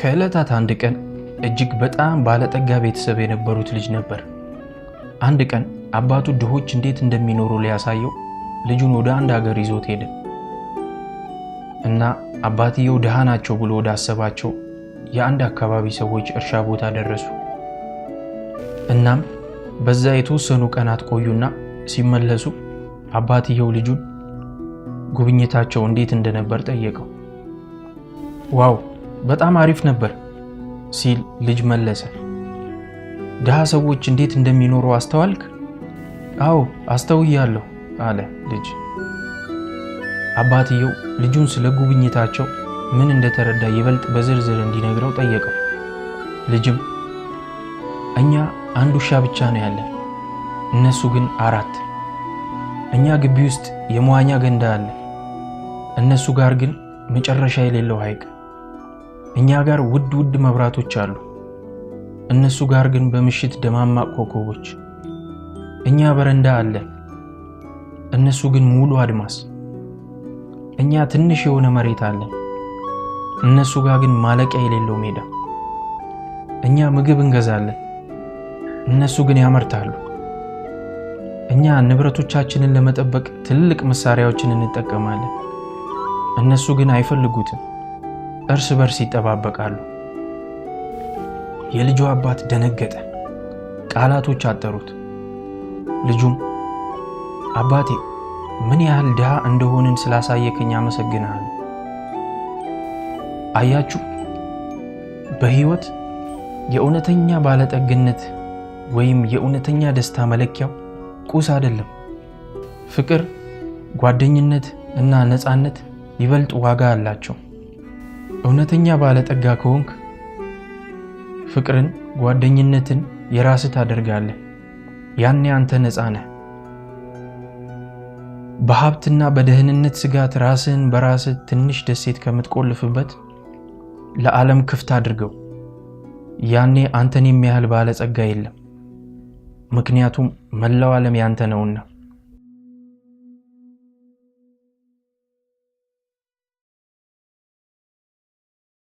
ከዕለታት አንድ ቀን እጅግ በጣም ባለጠጋ ቤተሰብ የነበሩት ልጅ ነበር። አንድ ቀን አባቱ ድሆች እንዴት እንደሚኖሩ ሊያሳየው ልጁን ወደ አንድ ሀገር ይዞት ሄደ እና አባትየው ድሃ ናቸው ብሎ ወዳሰባቸው የአንድ አካባቢ ሰዎች እርሻ ቦታ ደረሱ። እናም በዛ የተወሰኑ ቀናት ቆዩና ሲመለሱ አባትየው ልጁን ጉብኝታቸው እንዴት እንደነበር ጠየቀው። ዋው በጣም አሪፍ ነበር ሲል ልጅ መለሰ። ድሃ ሰዎች እንዴት እንደሚኖሩ አስተዋልክ? አዎ አስተውያለሁ አለ ልጅ። አባትየው ልጁን ስለ ጉብኝታቸው ምን እንደተረዳ ይበልጥ በዝርዝር እንዲነግረው ጠየቀው። ልጅም እኛ አንድ ውሻ ብቻ ነው ያለን፣ እነሱ ግን አራት እኛ ግቢ ውስጥ የመዋኛ ገንዳ አለ። እነሱ ጋር ግን መጨረሻ የሌለው ሐይቅ። እኛ ጋር ውድ ውድ መብራቶች አሉ። እነሱ ጋር ግን በምሽት ደማማቅ ኮከቦች። እኛ በረንዳ አለ። እነሱ ግን ሙሉ አድማስ። እኛ ትንሽ የሆነ መሬት አለ። እነሱ ጋር ግን ማለቂያ የሌለው ሜዳ። እኛ ምግብ እንገዛለን፣ እነሱ ግን ያመርታሉ። እኛ ንብረቶቻችንን ለመጠበቅ ትልቅ መሳሪያዎችን እንጠቀማለን። እነሱ ግን አይፈልጉትም፣ እርስ በርስ ይጠባበቃሉ። የልጁ አባት ደነገጠ፣ ቃላቶች አጠሩት። ልጁም አባቴ ምን ያህል ድሃ እንደሆንን ስላሳየከኝ አመሰግናለሁ። አያችሁ፣ በሕይወት የእውነተኛ ባለጠግነት ወይም የእውነተኛ ደስታ መለኪያው ቁስ አይደለም። ፍቅር፣ ጓደኝነት እና ነፃነት ይበልጥ ዋጋ አላቸው። እውነተኛ ባለጠጋ ከሆንክ ፍቅርን፣ ጓደኝነትን የራስህ ታደርጋለህ። ያኔ አንተ ነፃ ነህ። በሀብትና በደህንነት ስጋት ራስህን በራስህ ትንሽ ደሴት ከምትቆልፍበት ለዓለም ክፍት አድርገው። ያኔ አንተን የሚያህል ባለጸጋ የለም። ምክንያቱም መላው ዓለም ያንተ ነውና